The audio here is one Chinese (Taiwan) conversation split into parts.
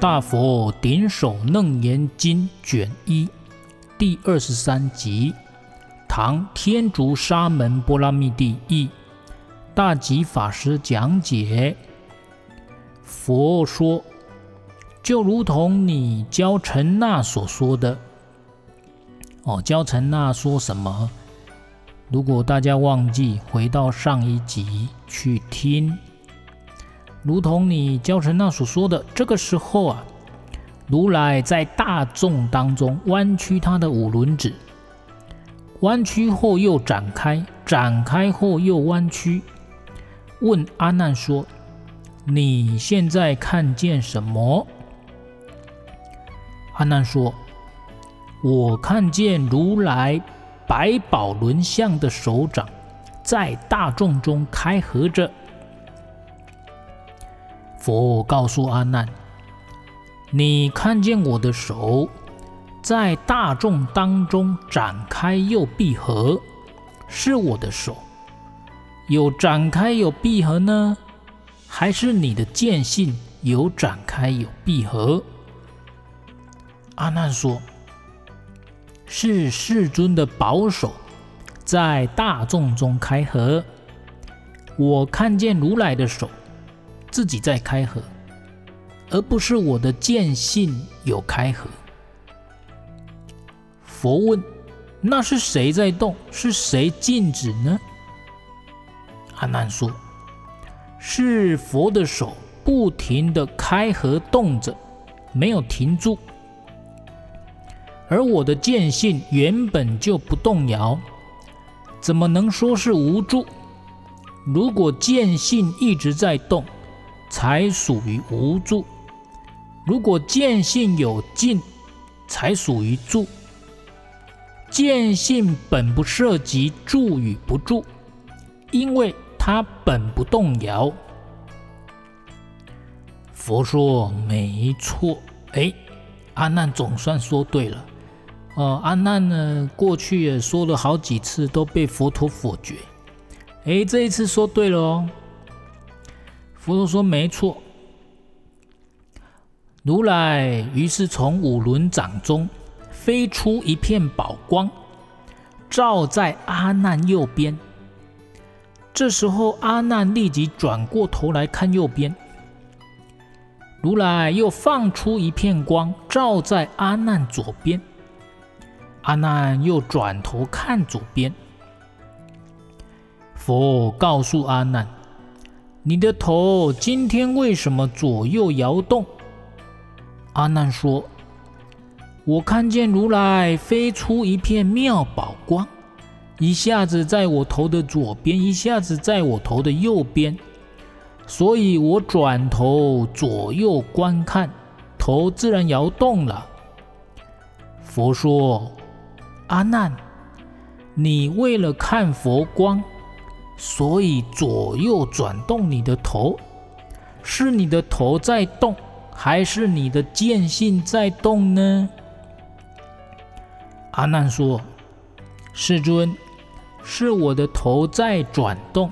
大佛頂首楞嚴經卷一，第二十三集，唐天竺沙門般剌密帝譯，大寂法師講解。佛說，就如同你憍陳那所說的，哦，憍陳那說什麼？如果大家忘記，回到上一集去聽。如同你憍陳那所說的，這個時候啊，如來在大眾當中彎曲他的五輪指，彎曲後又展開，展開後又彎曲。問阿難說：“你現在看見什麼？”阿難說：“我看見如來百寶輪相的手掌在大眾中開合着。”佛告訴阿難：“你看見我的手在大眾當中展開又閉合，是我的手有展開有閉合呢，還是你的見性有展開有閉合？”阿難說：“是世尊的寶手，在大眾中開合，我看見如來的手。”自己在開合，而不是我的見性有開合。佛問：“那是誰在動？是誰靜止呢？”阿難說：“是佛的手不停的開合動着，沒有停住。而我的見性原本就不動搖，怎麼能說是無助？如果見性一直在動，才屬於無住。如果見性有進，才屬於住。見性本不涉及住與不住，因為他本不動搖。佛說沒錯。哎，阿難總算說對了。呃，阿難呢，過去也說了好幾次，都被佛陀否決。哎，這一次說對了哦。佛陀說，說：“沒錯。”如來於是從五輪掌中飛出一片寶光，照在阿難右邊。這時候，阿難立即轉過頭來看右邊。如來又放出一片光，照在阿難左邊。阿難又轉頭看左邊。佛告訴阿難。你的頭今天為什麼左右搖動？阿難說：“我看見如來飛出一片妙寶光，一下子在我頭的左邊，一下子在我頭的右邊，所以我轉頭左右觀看，頭自然搖動了。”佛說：“阿難，你為了看佛光。”所以左右轉動你的頭，是你的頭在動，還是你的見性在動呢？阿難說：“世尊，是我的頭在轉動，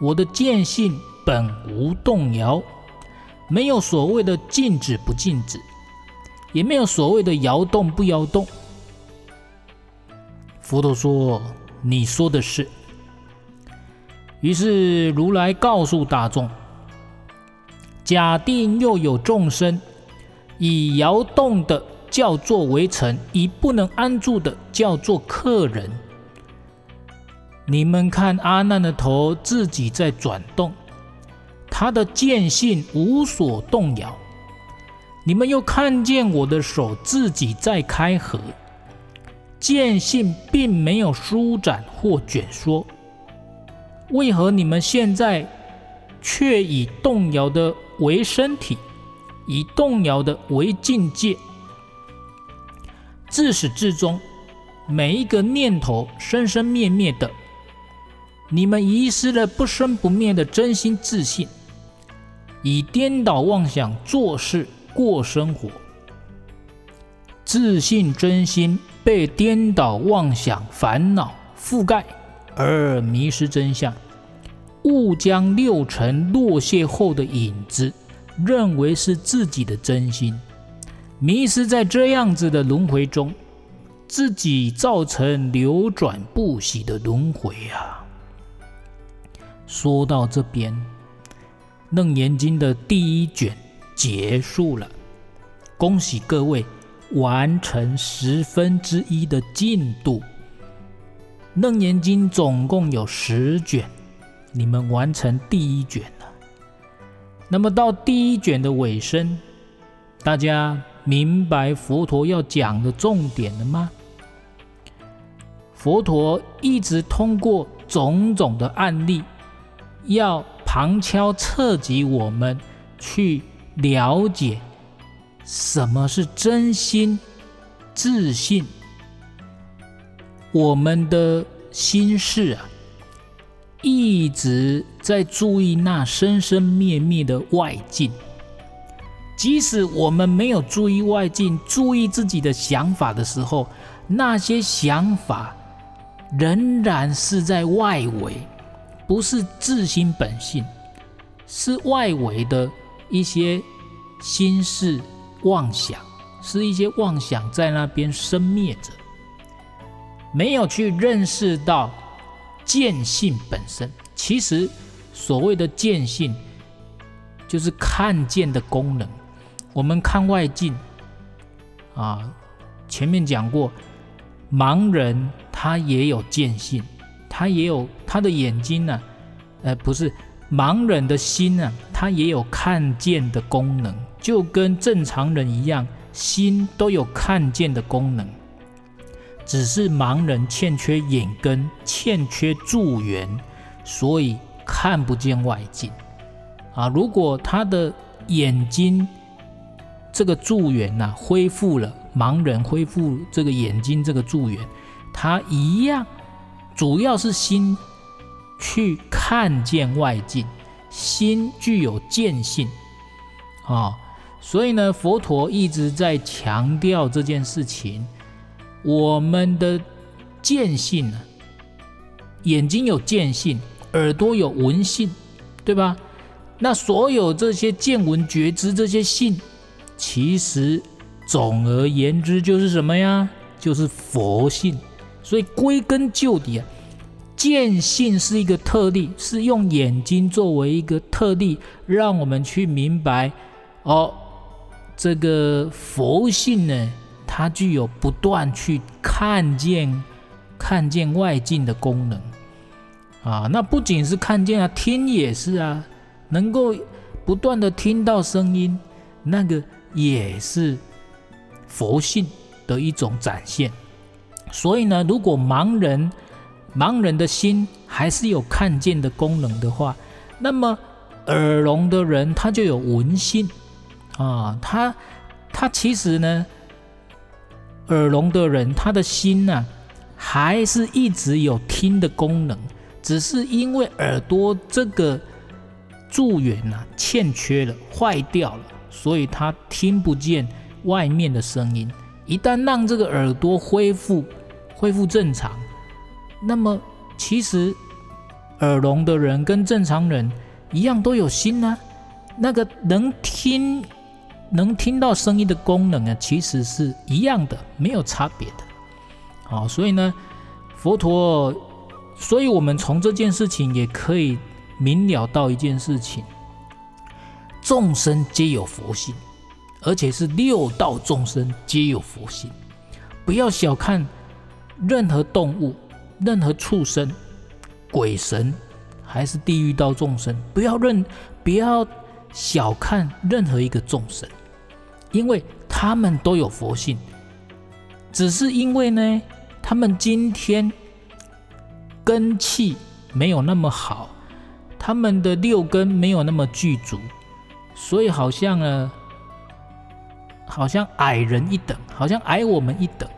我的見性本無動搖，沒有所謂的靜止不靜止，也沒有所謂的搖動不搖動。”佛陀說：“你說的是。”於是如來告訴大眾：“假定又有眾生，以搖動的叫做微塵，以不能安住的叫做客人。你們看阿難的頭自己在轉動，他的見性無所動搖。你們又看見我的手自己在開合，見性並沒有舒展或卷縮。”為何你們現在卻以動搖的為身體，以動搖的為境界？自始至終，每一個念頭生生滅滅的，你們遺失了不生不滅的真心自性，以顛倒妄想做事過生活，自性真心被顛倒妄想煩惱覆蓋。而迷失真相，誤將六塵落謝後的影子，認為是自己的真心，迷失在這樣子的輪迴中，自己造成流轉不息的輪迴啊！說到這邊，《楞嚴經》的第一卷結束了，恭喜各位完成十分之一的進度。《楞嚴經》總共有十卷，你們完成第一卷了。那麼到第一卷的尾聲，大家明白佛陀要講的重點了嗎？佛陀一直通過種種的案例，要旁敲側擊我們去了解什麼是真心、自信。我們的心事啊，一直在注意那生生滅滅的外境。即使我們沒有注意外境，注意自己的想法的時候，那些想法仍然是在外圍，不是自心本性，是外圍的一些心事妄想，是一些妄想在那邊生滅着。沒有去認識到見性本身，其實所謂的見性，就是看見的功能。我們看外境，啊，前面講過，盲人他也有見性，他也有他的眼睛呢，呃，不是，盲人的心呢，啊，他也有看見的功能，就跟正常人一樣，心都有看見的功能。只是盲人欠缺眼根，欠缺助緣，所以看不見外境啊。如果他的眼睛這個助緣吶、啊、恢復了，盲人恢復這個眼睛這個助緣，他一樣，主要是心去看見外境，心具有見性啊。所以呢，佛陀一直在強調這件事情。我們的見性，眼睛有見性，耳朵有聞性，對吧？那所有這些見聞覺知這些性，其實總而言之就是什麼呀？就是佛性。所以歸根究底啊，見性是一個特例，是用眼睛作為一個特例，讓我們去明白哦，這個佛性呢？他具有不斷去看見、看見外境的功能啊，那不僅是看見啊，聽也是啊，能夠不斷的聽到聲音，那個也是佛性的一種展現。所以呢，如果盲人，盲人的心還是有看見的功能的話，那麼耳聾的人他就有聞性啊，他他其實呢。耳聾的人，他的心呢、啊，還是一直有聽的功能，只是因為耳朵這個助緣吶、啊、欠缺了，壞掉了，所以他聽不見外面的聲音。一旦讓這個耳朵恢復恢復正常，那麼其實耳聾的人跟正常人一樣都有心呢、啊，那個能聽。能聽到聲音的功能啊，其實是一樣的，沒有差別的。好，所以呢，佛陀，所以我們從這件事情也可以明了到一件事情：眾生皆有佛性，而且是六道眾生皆有佛性。不要小看任何動物、任何畜生、鬼神，還是地獄道眾生，不要認，不要小看任何一個眾生。因為他們都有佛性，只是因為呢，他們今天根器沒有那麼好，他們的六根沒有那麼具足，所以好像呢，好像矮人一等，好像矮我們一等。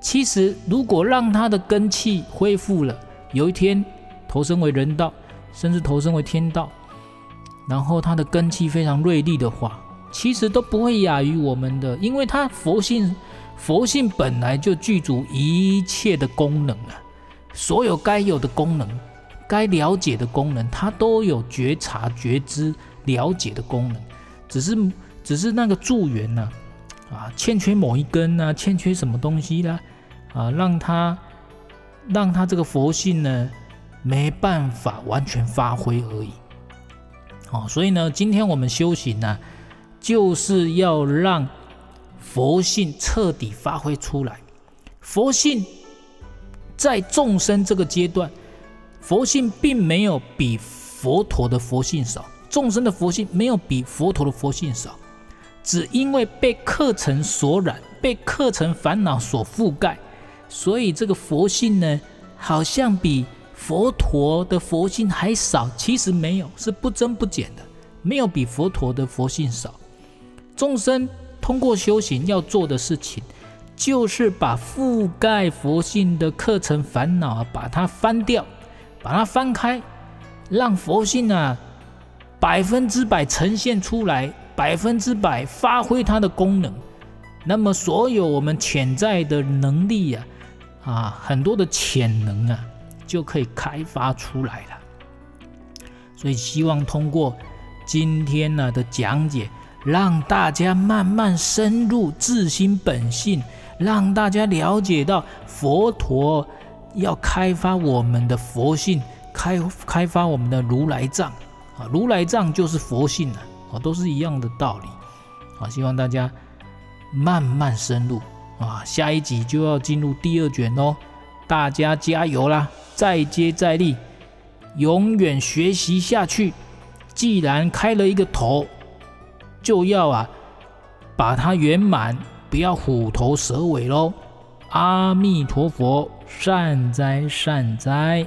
其實，如果讓他的根器恢復了，有一天投身為人道，甚至投身為天道，然後他的根器非常銳利的話，其實都不會亞於我們的，因為它佛性，佛性本來就具足一切的功能啊，所有該有的功能，該了解的功能，它都有覺察、覺知、了解的功能，只是只是那個助緣呢、啊，啊，欠缺某一根呢、啊，欠缺什麼東西啦、啊，啊，讓它讓它這個佛性呢沒辦法完全發揮而已，哦，所以呢，今天我們修行呢、啊。就是要讓佛性徹底發揮出來。佛性在眾生這個階段，佛性並沒有比佛陀的佛性少。眾生的佛性沒有比佛陀的佛性少，只因為被客塵所染，被客塵煩惱所覆蓋，所以這個佛性呢，好像比佛陀的佛性還少。其實沒有，是不增不減的，沒有比佛陀的佛性少。眾生通過修行要做的事情，就是把覆蓋佛性的客塵煩惱啊，把它翻掉，把它翻開，讓佛性啊百分之百呈現出來，百分之百發揮它的功能。那麼，所有我們潛在的能力啊，啊，很多的潛能啊，就可以開發出來了。所以，希望通過今天呢的講解。讓大家慢慢深入自心本性，讓大家了解到佛陀要開發我們的佛性，開開發我們的如來藏啊，如來藏就是佛性啊，都是一樣的道理啊。希望大家慢慢深入啊，下一集就要進入第二卷嘍，大家加油啦，再接再厲，永遠學習下去。既然開了一個頭。就要啊，把它圓滿，不要虎頭蛇尾嘍！阿彌陀佛，善哉善哉。